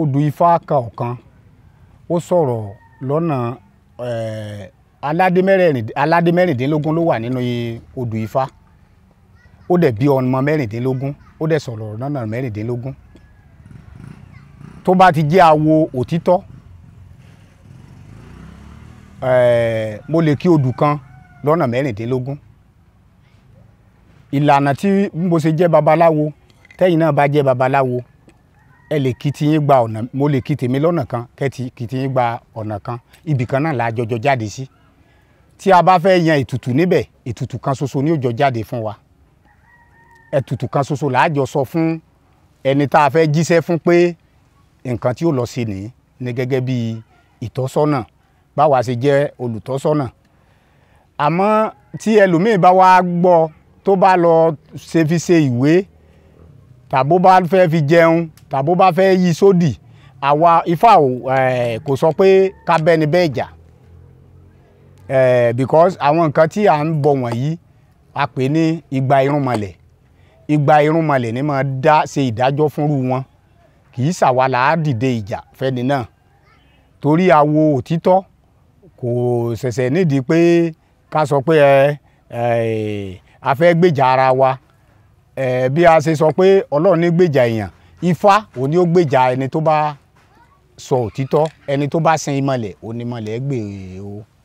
odù ifáàkà ọ̀kan ó sọ̀rọ̀ lọ́nà aládé mẹ́rìndínlógún ló wà nínú odù ifá ó dẹ̀ bí ọmọ mẹ́rìndínlógún ó dẹ̀ sọ̀rọ̀ lọ́nà mẹ́rìndínlógún tó bá ti jẹ́ awo òtítọ́ mo lè kí odù kan lọ́nà mẹ́rìndínlógún ìlànà tí mo ṣe jẹ́ babaláwo tẹ́yìn náà bá jẹ́ babaláwo ẹ lè kí tiyín gba ọ̀nà mo lè kí tèmi lọ́nà kan kẹ́tì kí tiyín gba ọ̀nà kan ibì kan náà la jọjọ jáde sí tí a bá fẹ́ yan ètùtù níbẹ̀ ètùtù kan ṣoṣo ni ó jọ jáde fún wa ètùtù kan ṣoṣo là á jọ sọ fún ẹni tá a fẹ́ jíṣẹ́ fún pé nǹkan tí ó lọ sí nìyí ní gẹ́gẹ́ bí ìtọ́sọ́nà báwa ṣe jẹ́ olùtọ́sọ́nà àmọ́ tí ẹlòmíín bá wá gbọ́ tó bá lọ ṣe fi ṣe ìwé tàbó bá fẹ́ fi jẹun tàbó bá fẹ́ yí sódì àwa ifá kò sọ pé ká bẹ́ni bẹ́ẹ̀ jà because àwọn nǹkan tí à ń bọ̀ wọ̀nyí a pè ní igba irúnmọlẹ̀ igba irúnmọlẹ̀ ni máa dá ṣe ìdájọ́ fúnrú wọn kì í ṣàwa á dìde ìjà fẹ́ni náà torí awo òtítọ́ kò ṣẹ̀ṣẹ̀ nídìí pé ká sọ pé ẹ a fẹ́ gbèjà ara wa bí a ṣe sọ pé ọlọ́run ní gbèjà èèyàn ifá òun ni ó gbèjà ẹni tó bá sọ òtítọ́ ẹni tó bá sin ìmọ̀lẹ̀ òun ni ìmọ̀lẹ̀ gbèrè e o.